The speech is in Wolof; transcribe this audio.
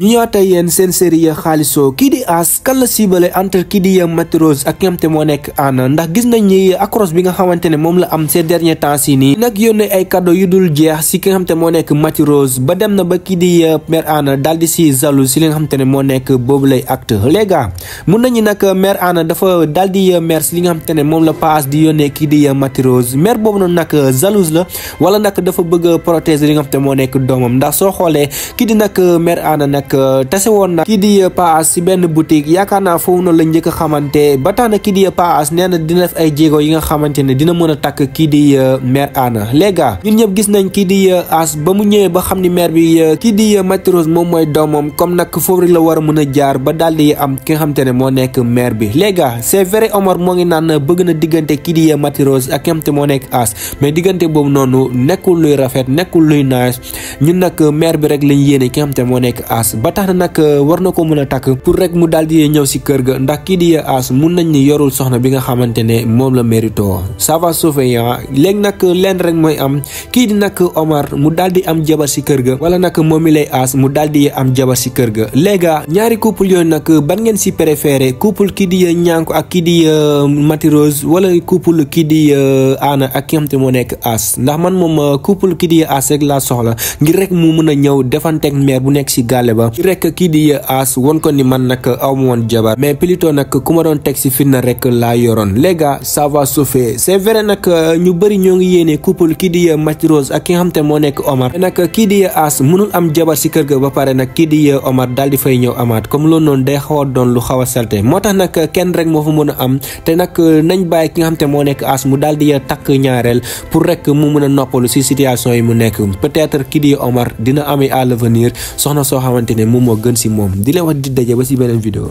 ñu ñëwaatay yeen seen série xaliso ki di as kan la siibale entre ki di yam matros ak ñamte mo nek ana ndax gis nañ ni akros bi nga xamantene mom la am ces derniers temps ci ni nak yone ay cadeau yu dul jeex ci ki nga xamante moo nekk ba dem na ba ki di ya mère ana daal di ci zalu ci li nga xamante mo nek bobu lay acte les gars mun nañ nak mère ana dafa dal di ya mère si li nga xamante mom la pass di yone ki di ya matrose mère boobu noonu nag zalouse la wala nak dafa bëgg protéger li nga xamante mo nek domam ndax so xolé ki di nak mère ana nag nak tassé won na ki di paas ci ben boutique yaakaar naa foofu la ñëk xamanté ba tax na ki di paas nee dina def ay jéego yi nga xamanté dina mëna tak takk di mère Anna les gars ñun ñëp gis nañ di as ba mu ñëwé ba xamni ni mère bi kii di Matros mom moy domom comme nak la wara mëna jaar ba am ki xamanté xamante ne moo nekk mère bi les gars c'est vrai Omar mo ngi nan bëgg na digënté kii di Matros ak as mais digënté bobu nonu nekkul luy rafet nekkul luy nice ñun nak mère bi rek lañ yéné ki xamanté mo as aas ba tax na nak war ko meuna tak pour rek mu daldi ñew ci si kër ga ndax ki di as mun nañ ni yorul soxna bi nga xamantene mom la mérito ça va souvenir ya, léegi nak leen rek moy am ki di nak Omar mu daldi am jabar si kër ga wala nak momi lay as mu daldi am jabar si kër ga nyari ñaari couple yooyu nak ban ngeen si préféré couple ki di ñaanko ak ki di matirose wala couple ki di ana ak ki amte mo nek as ndax man mom couple ki di as rek la soxla ngir rek mu meuna ñew defante ak mère bu nek si galé ba ci rek ki di ya as won ko ni man nak aw mo won jabar mais plito nak kuma don doon teg rek la yoron les gars ça va souffler c'est vrai nak ñu bari ñoo ngi yene couple ki di ya match rose ak ki xamte mo nek omar nak ki di ya as mënul am jabar ci kër ga ba paré nak ki di ya omar dal di fay ñew amat comme lo non day xaw don lu xawa salté motax nak ken rek mo fa mëna am te nak nañ bay ki xamte mo nek as mu dia di ya tak ñaarel pour rek mu mëna a noppalu si situation yi mu nek peut être ki di omar dina ami à l'avenir soxna so xamante xamante ne moom moo gën si moom di la wax di daje ba si beneen vidéo